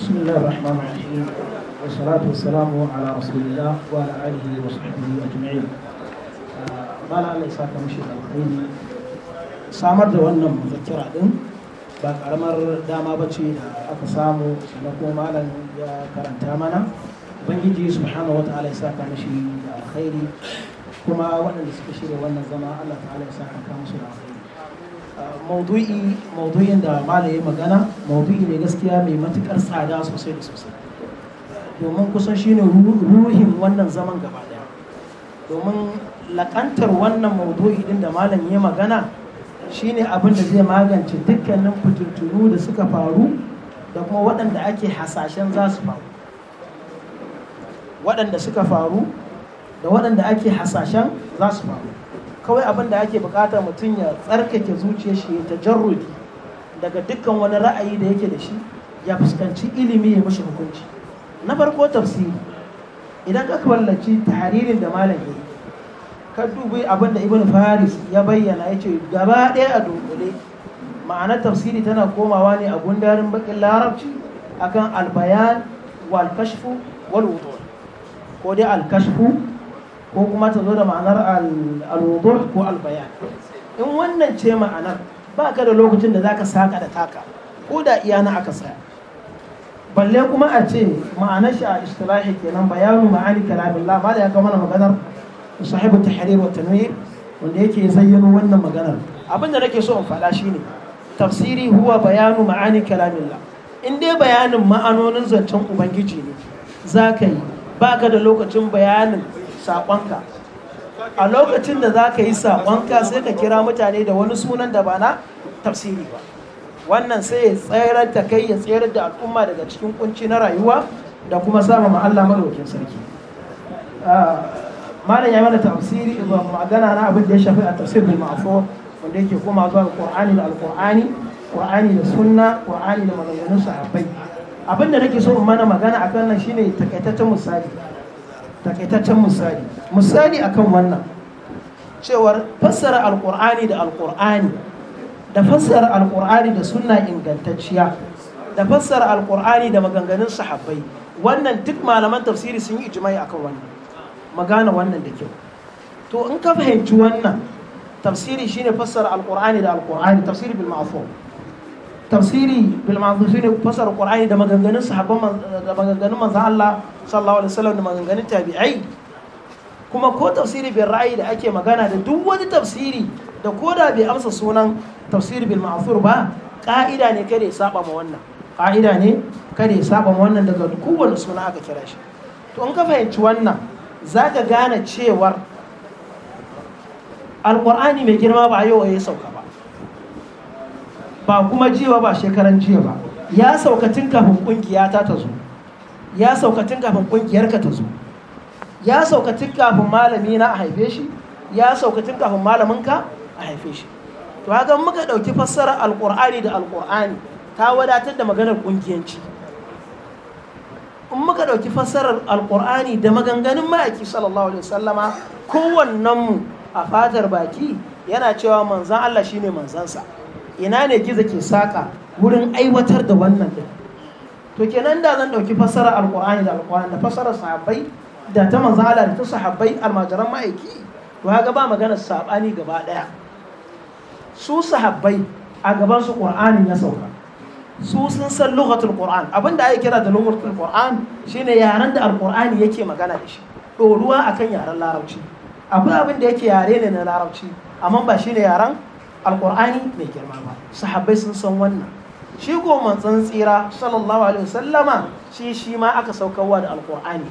بسم الله الرحمن الرحيم والصلاة والسلام على رسول الله وعلى آله وصحبه أجمعين da wannan muzakkira din ba karamar dama ba da aka samu sannan kuma karanta mana ubangiji subhanahu da alkhairi kuma waɗanda suka shirya wannan zama Allah ta'ala ya saka maudu'i maudu'in da malaye magana maudu'i ne gaskiya mai matukar tsada sosai da sosai domin kusan shine ruhin wannan zaman gaba daya domin lakantar wannan maudu'i din da malam ya magana shine abin da zai magance dukkanin fitintunu da suka faru da kuma waɗanda ake hasashen za su faru waɗanda suka faru da waɗanda ake hasashen za su faru kawai abin da ake bukata mutum ya tsarkake zuciyar shi ya daga dukkan wani ra'ayi da yake da shi ya fuskanci ilimi ya mishi hukunci na farko tafsiri idan ka kallaci tahririn da malam ka dubi abin da ibn faris ya bayyana ya ce gaba ɗaya a dunkule ma'anar tafsiri tana komawa ne a gundarin bakin larabci akan albayan wal kashfu wal wudu ko dai al kashfu ko kuma ta zo da ma'anar al ko albayan. in wannan ce ma'anar ba ka da lokacin da zaka saka da taka ko da iyana aka saya balle kuma a ce ma'anar shi a istilahi kenan bayanu ma'ani kalamillah ba da ya kama maganar sahibu tahrir wa tanwir wanda yake zayyano wannan maganar abinda nake so in faɗa shine tafsiri huwa bayanu ma'ani kalamillah in dai bayanin ma'anonin zancen ubangiji ne za ka yi ba ka da lokacin bayanin saƙonka a lokacin da za ka yi saƙonka sai ka kira mutane da wani sunan da ba na tafsiri ba wannan sai ya tsayar da kai ya tsayar da al'umma daga cikin kunci na rayuwa da kuma sama ma Allah sarki ah, malam ya mana tafsiri ba magana na abin da ya shafi a tafsir bil ma'fu wanda yake koma zuwa Qur'ani da Al-Qur'ani da sunna Qur'ani da maganganun sahabbai abin da nake so in mana magana akan nan shine takaitaccen misali takaitaccen misali misali akan wannan cewar fassara alkur'ani da alkur'ani da fassara alkur'ani da sunna ingantacciya da fassara alkur'ani da maganganun sahabbai wannan duk malaman tafsiri sun yi ijimai akan wannan magana wannan da kyau to in ka fahimci wannan tafsiri shine fassara alkur'ani da alkur'ani tafsiri bil tafsiri bil shine fasara qur'ani da maganganun sahabban da maganganun manzon Allah sallallahu alaihi wasallam da maganganun tabi'ai kuma ko tafsiri bil ra'ayi da ake magana da duk wani tafsiri da koda bai amsa sunan tafsiri bil ma'thur ba ka'ida ne kada ya saba ma wannan ka'ida ne kada ya saba ma wannan daga kowane suna aka kira shi to in ka fahimci wannan zaka gane cewar alqur'ani mai girma ba yau ya sauka ba kuma jiya ba shekaran jiya ba ya saukatin kafin kungiya ta ta zo ya saukatin kafin kungiyar ka ta zo ya saukatin kafin malami na a haife shi ya saukatin kafin malamin ka a haife shi to haka muka dauki fassarar alqur'ani da alqur'ani ta wadatar da maganar kungiyanci in muka dauki fassarar alqur'ani da maganganun ma'aiki sallallahu alaihi wasallama kowannen mu a fatar baki yana cewa manzan Allah shine manzansa ina ne gizo ke saka wurin aiwatar da wannan din to kenan da zan dauki fasara alqur'ani da alqur'ani da fasara sahabbai da ta manzo da ta sahabbai almajiran ma'aiki to haka ba magana sabani gaba daya su sahabbai a gaban su qur'ani ya sauka su sun san lughatul qur'an abinda ake kira da lughatul qur'an shine yaren da alqur'ani yake magana da shi doruwa akan yaren larabci akwai abin da yake yare ne na larabci amma ba shine yaren alƙur'ani mai girma ba sahabbai sun san wannan shi ko manzon tsira sallallahu alaihi wasallama shi shi ma aka saukarwa da alƙur'ani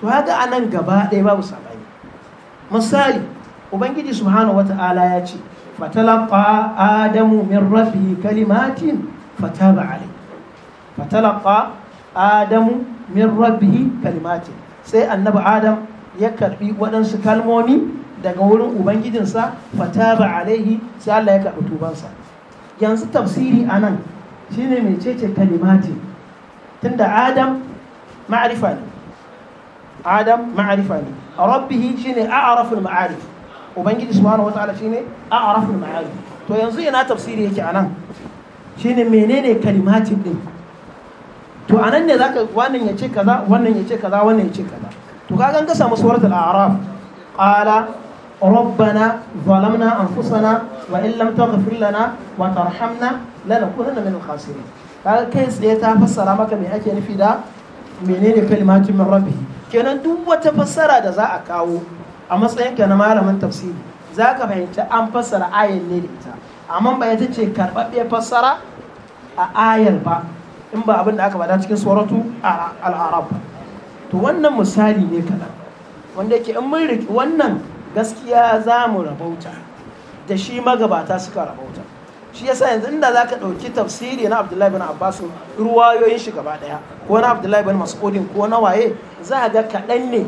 to haka a nan gaba ɗaya babu sabani misali ubangiji subhanahu wata'ala ya ce fatalaqa adamu min rabbihi kalimatin fataba alai fatalaqa adamu min rabbihi kalimatin sai annabi adam ya karbi waɗansu kalmomi daga wurin ubangijinsa fataba alaihi sai Allah ya karɓi tubansa yanzu tafsiri a nan shine mai cece kalimati tunda adam ma'arifa ne adam ma'arifa ne rabbihi shine arafin ma'arif ubangiji subhanahu wataala shine arafin ma'arif to yanzu yana tafsiri yake a nan shine menene kalimatin ɗin to a nan ne ka wannan ya ce kaza wannan ya ce kaza wannan ya ce kaza to ka an ka samu da a'raf qala ربنا ظلمنا أنفسنا وإن لم تغفر لنا وترحمنا لنكونن من الخاسرين kaga kai tsaye ta fassara maka me ake nufi da menene kalimatu min rabbi kenan duk wata fassara da za a kawo a matsayinka na malamin tafsiri za ka fahimci an fassara ayar ne da ita amma ba ita ce karɓaɓɓe fassara a ayar ba in ba abin da aka bada cikin suratu al-arab to wannan misali ne kaɗan wanda ke in mun wannan gaskiya za mu rabauta da shi magabata suka rabauta shi yasa yanzu inda za ka ɗauki tafsiri na abdullahi bin abbas ruwayoyin shi gaba ɗaya ko na abdullahi bin mas'udin ko na waye za ga kaɗan ne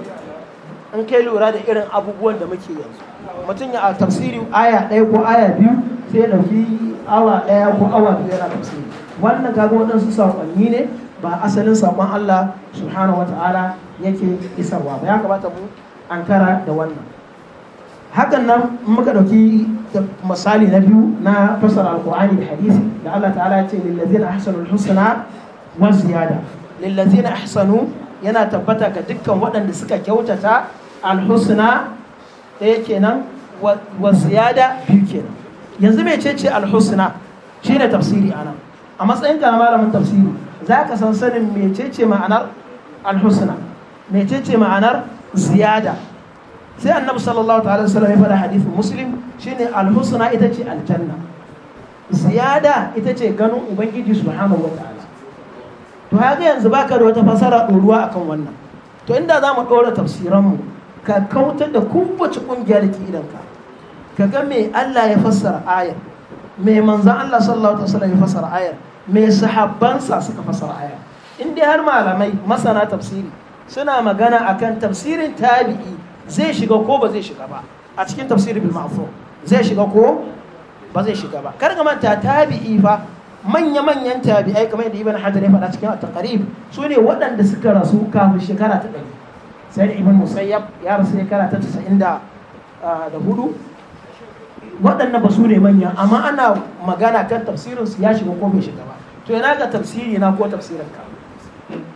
in kai lura da irin abubuwan da muke yanzu mutum ya a tafsiri aya ɗaya ko aya biyu sai ya ɗauki awa ɗaya ko awa biyu yana tafsiri wannan kaga waɗansu saƙonni ne ba asalin saƙon allah subhanahu wa ta'ala yake isarwa ba ya kamata mu ankara da wannan hakan nan muka dauki misali na biyu na fassara alqur'ani da hadisi da Allah ta'ala ya ce lillazina ahsanu husna wa ziyada lillazina ahsanu yana tabbata ga dukkan waɗanda suka kyautata da ɗaya kenan wa ziyada biyu kenan yanzu me ce ce al-husna alhusna shine tafsiri anan, a matsayin ka malamin tafsiri za ka san sanin ce ma'anar al-husna. Me ce ce ma'anar ziyada sai annabi sallallahu ta'ala wasallam ya faɗa hadithin muslim shine alhusna ita ce aljanna ziyada ita ce ganin ubangiji subhanahu wa ta'ala to haka yanzu baka da wata fasara ɗoruwa akan wannan to inda za mu ɗora tafsiranmu ka kautar da kowace ƙungiya da ke idanka ka ga me Allah ya fassara ayar me manzan Allah sallallahu ta'ala ya fassara ayar me sahabbansa suka fassara ayar in dai har malamai masana tafsiri suna magana akan tafsirin tabi'i zai shiga ko ba zai shiga ba a cikin tafsirin bil zai shiga ko ba zai shiga ba kar ga manta tabi'i fa manya manyan tabi'ai kamar yadda ibn hajar ya faɗa cikin at-taqrib su ne waɗanda suka rasu kafin shekara ta ɗari sai ibn musayyab ya rasu shekara ta tasa'in da hudu waɗanda ba su ne manya amma ana magana kan tafsirin su ya shiga ko bai shiga ba to yana ga tafsiri na ko tafsirin ka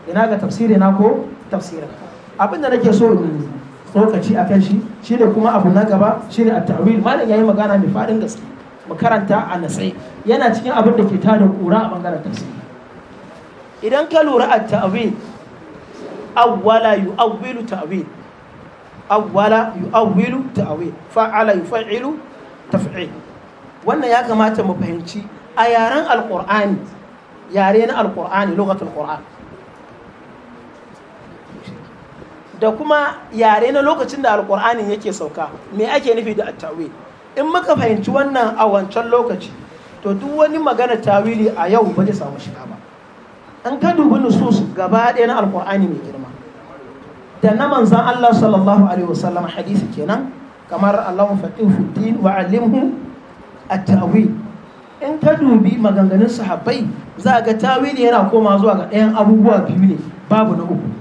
yana ga tafsiri na ko tafsirin ka abinda nake so in tsokaci a kan shi shi ne kuma abu na gaba shi ne a ta'wil malam ya yi magana mai faɗin gaske mu karanta a nasai yana cikin abin da ke tada kura a bangaren tafsiri idan ka lura a ta'wil awwala yu awwilu ta'wil awwala yu awwilu ta'wil fa'ala fa'ilu taf'il wannan ya kamata mu fahimci a yaren alqur'ani yare na alqur'ani lughatul qur'an da kuma yare na lokacin da alkur'anin yake sauka me ake nufi da attawi in muka fahimci wannan a wancan lokaci to duk wani magana tawili a yau ba ta samu shiga ba an ka dubi nusus gaba ɗaya na alkur'ani mai girma da na manzan Allah sallallahu alaihi wasallam hadisi kenan kamar Allahumma faqihu din wa alimhu at-tawil in ka dubi maganganun sahabbai za a ga tawili yana koma zuwa ga ɗayan abubuwa biyu ne babu na uku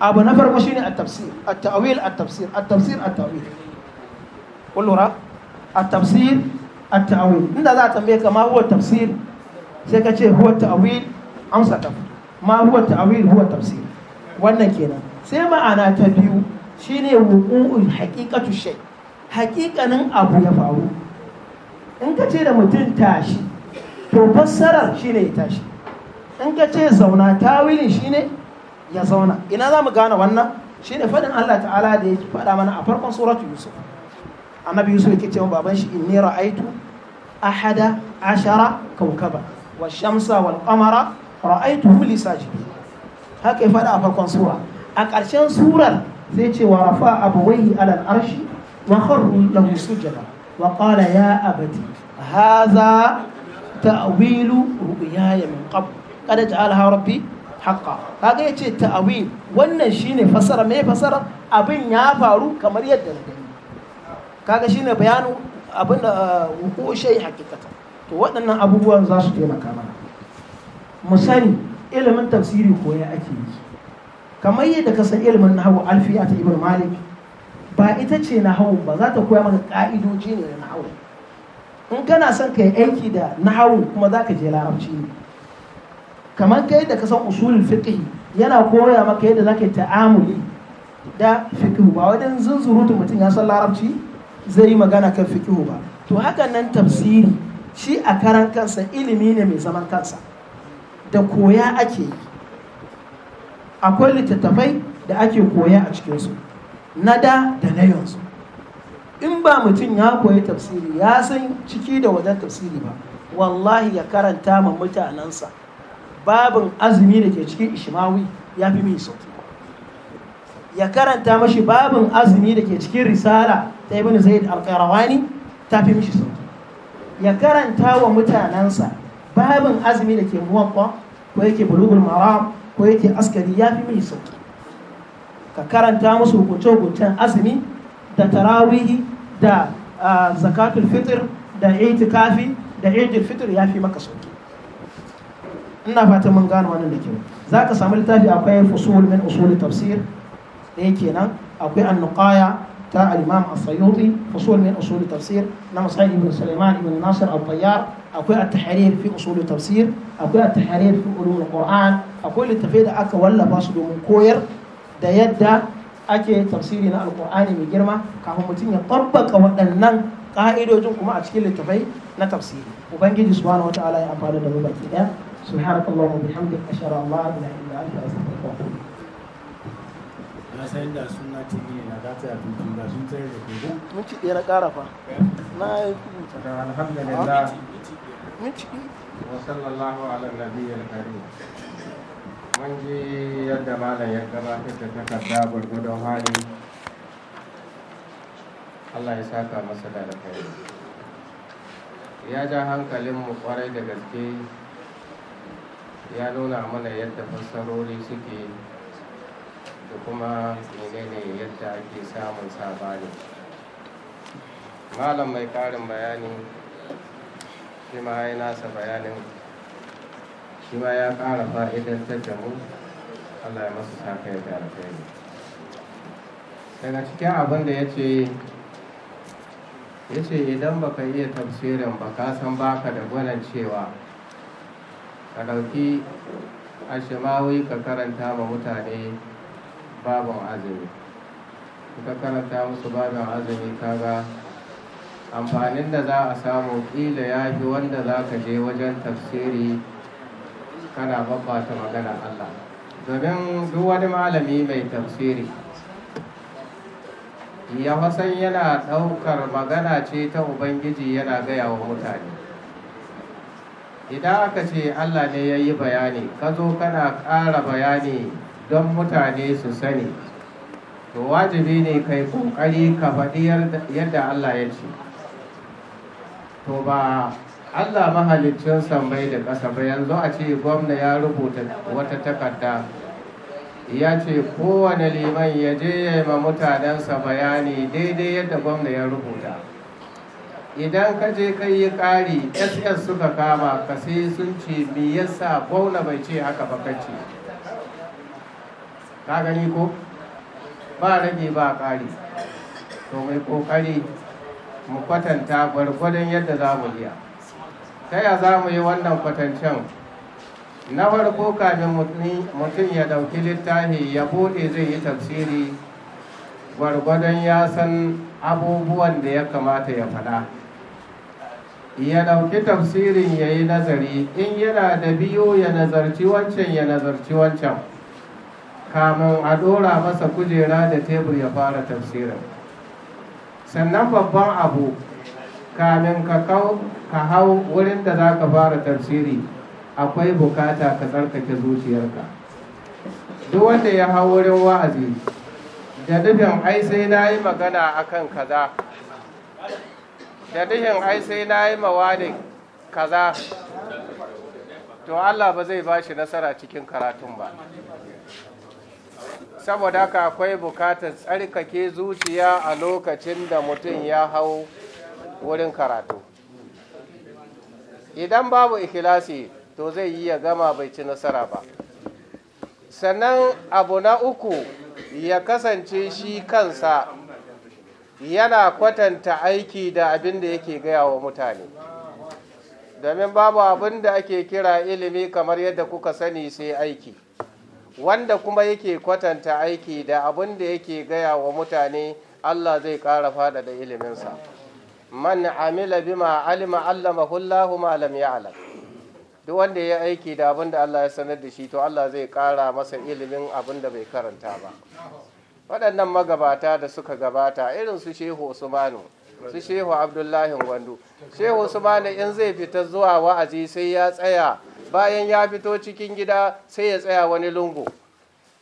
abu na farko shine at-tafsir at-ta'wil at-tafsir at-tafsir at-ta'wil kullura at-tafsir at-ta'wil inda za a tambaye ka ma huwa tafsir sai ka ce huwa ta'wil amsa ta ma huwa ta'wil huwa tafsir wannan kenan sai ma'ana ta biyu shine wuqu'ul haqiqatu shay haqiqanin abu ya faru in ka ce da mutum tashi to fassarar shine ya tashi in ka ce zauna tawilin shine ya zauna ina za mu gane wannan shi ne faɗin Allah ta'ala da ya faɗa mana a farkon suratu yusuf annabi yusuf yake cewa baban shi inni ra'aitu ahada ashara kaukaba wa shamsa wal ra'aitu li sajidin haka ya faɗa a farkon sura a ƙarshen surar sai ce wa rafa abawaihi alal arshi wa kharru lahu sujada wa qala ya abati hadha ta'wilu ya min qabl qad ja'alaha rabbi haqqa kaga yace ta'wil wannan shine fasara me fasara abin ya faru kamar yadda na gani kaga shine bayanu abin da wuku uh, shay hakikata to waɗannan abubuwan za su taimaka mana mu ilimin tafsiri koya ake yi kamar yadda ka san ilimin nahawu alfiya ta ibar malik ba ita ce nahawu ba za ta koya maka ka'idoji ne na nahawu in kana son ka yi aiki da nahawu kuma za ka je larabci ne kamar kai da kasan usulul fiqh yana koya maka yadda zaka ta'amuli da fiqh ba wajen zunzurutu mutum ya san larabci zai yi magana kan fiqh ba to hakan nan tafsiri shi a karan kansa ilimi ne mai zaman kansa da koya ake yi akwai littattafai da ake koya a cikinsu na da da na yanzu in ba mutum ya koyi tafsiri ya san ciki da wajen tafsiri ba wallahi ya karanta ma mutanensa babin azumi da ke cikin ishimawi ya fi mai sauki ya karanta mashi babin azumi da ke cikin risala ta ibn zaid al-qayrawani ta fi mishi sauki ya karanta wa mutanansa babin azumi da ke muwaffa ko yake bulugul maram ko yake askari ya fi mai sauki ka karanta musu hukunce-hukuncen azumi da tarawihi da ah, zakatul fitr da itikafi da idil fitr ya fi maka sauki ina fata mun gano wannan da kyau za ka samu littafi akwai fusul min usul tafsir ɗaya kenan akwai annuqaya ta al-imam as-sayyuti fusul min usul tafsir na musa'id ibn sulaiman ibn nasir al-tayyar akwai at-tahrir fi usul tafsir akwai at-tahrir fi ulum al-qur'an akwai littafi da aka wallafa su domin koyar da yadda ake tafsiri na alkur'ani mai girma kafin mutum ya tabbaka waɗannan ƙa'idojin kuma a cikin littafai na tafsiri ubangiji subhanahu ta'ala ya amfana da mu baki ɗaya سبحانك اللهم وبحمدك أشهد أن لا إله إلا أنت أستغفرك san suna na da sun tsayar da mun ji yadda malam ya gabatar da takarda gurgudun hali Allah ya saka masa da alkhairi ya ja hankalinmu kwarai da gaske ya nuna mana yadda fassarori suke da kuma menene yadda ake samun sabani malam mai karin bayani shi ma ya nasa bayanin shi ma ya kara fa'idantar da mu allah ya masu sa kai da alkhairi daga cikin abin da ya ce ya ce idan baka iya tafsirin ba san baka da gwanan cewa ka ɗauki a ka karanta ma mutane babin azumi ka karanta musu babin azumi kaga amfanin da za a samu ƙila ya fi wanda za ka je wajen tafsiri kana babbata magana Allah domin duk wani malami mai tafsiri ya yana ɗaukar magana ce ta ubangiji yana gaya wa mutane idan aka ce Allah ne ya yi bayani ka zo kana ƙara bayani don mutane su sani to wajibi ne kai ƙoƙari ka faɗi yadda Allah ya ce to ba Allah mahalicin sambai da ƙasa ba yanzu a ce gwamna ya rubuta wata takarda ya ce kowane liman ya je ya yi ma mutanensa bayani daidai yadda gwamna ya rubuta idan ka je kai yi ƙari ss suka kama ka sai sun ce me yasa bauna bai ce haka ba ka gani ko ba rage ba ƙari to mai ƙoƙari mu kwatanta gwargwadon yadda za mu iya ta ya za mu yi wannan kwatancen na farko kamin mutum ya ɗauki littafi ya buɗe zai yi tafsiri gwargwadon ya san abubuwan da ya kamata ya faɗa ya ɗauki tafsirin ya yi nazari in yana da biyu ya nazarci wancan ya nazarci wancan kamun a ɗora masa kujera da tebur ya fara tafsirin sannan babban abu kamin ka hau wurin da za ka fara tafsiri akwai bukata ka tsarkake zuciyarka duk wanda ya hau wurin wa'azi da dubin ai sai na yi magana akan kaza da dihin ai sai na yi mawani kaza to Allah ba zai ba shi nasara cikin karatun ba saboda haka akwai bukatar tsarkake zuciya a lokacin da mutum ya hau wurin karatu idan babu ikilasi to zai yi ya gama bai ci nasara ba sannan abu na uku ya kasance shi kansa yana kwatanta aiki da abin da yake gaya wa mutane domin babu abin da ake kira ilimi kamar yadda kuka sani sai aiki wanda kuma yake kwatanta aiki da abin da yake gaya wa mutane allah zai fada faɗaɗa iliminsa man amila bima alima allamahu allahu ma lam ya'lam duk wanda ya aiki da abin da allah ya sanar da shi to allah zai kara masa ilimin abin da bai karanta ba waɗannan magabata da suka gabata irin su shehu usmanu su shehu abdullahi gwandu shehu usmanu in zai fita zuwa wa'azi sai ya tsaya bayan ya fito cikin gida sai ya tsaya wani lungu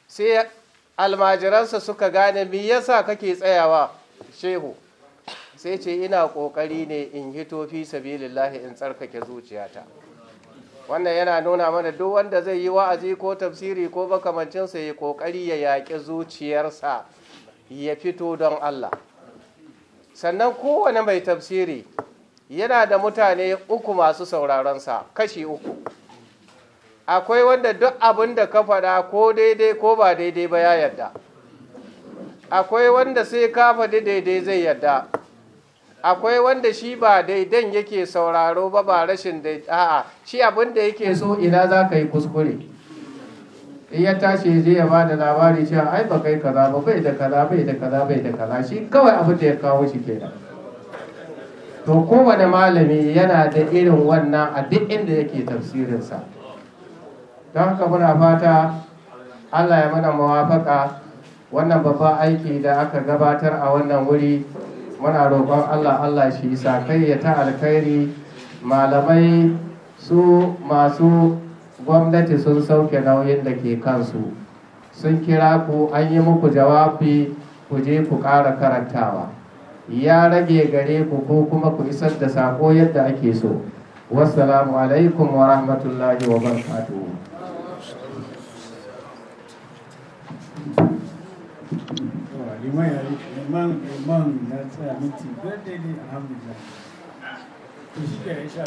sai almajiransa suka gane mi yasa kake tsayawa shehu sai ce ina ƙoƙari ne in hito fi sabilillahi in tsarkake zuciyata wannan yana nuna mana duk wanda zai yi wa'azi ko tafsiri ko makamancinsa ya kokari ya yaƙi zuciyarsa ya fito don Allah sannan kowane mai tafsiri yana da mutane uku masu sauraronsa kashi uku akwai wanda duk abin da ka faɗa ko daidai ko ba daidai ba ya yarda akwai wanda sai ka faɗi daidai zai yarda akwai wanda shi ba daidai yake sauraro ba ba rashin a'a shi abin da yake so ina za ka yi kuskure in ya tashi zai ya ba da labari cewa ai ba kai kaza ba bai da kaza bai da kaza bai da kaza shi kawai abin da ya kawo shi kenan to kowane malami yana da irin wannan a duk inda yake tafsirinsa don haka muna fata allah ya mana mawafaka wannan babban aiki da aka gabatar a wannan wuri muna roƙon allah allah shi sa kai ya ta alkhairi malamai su masu gwamnati sun sauke nauyin da ke kansu sun kira ku an yi muku jawabi ku je ku ƙara karantawa ya rage gare ku ko kuma ku isar da sako yadda ake so wassalamu alaikum wa rahmatullahi wa barakatuhu man man ya tsaya minti biyar daidai alhamdulillah to shi ke ya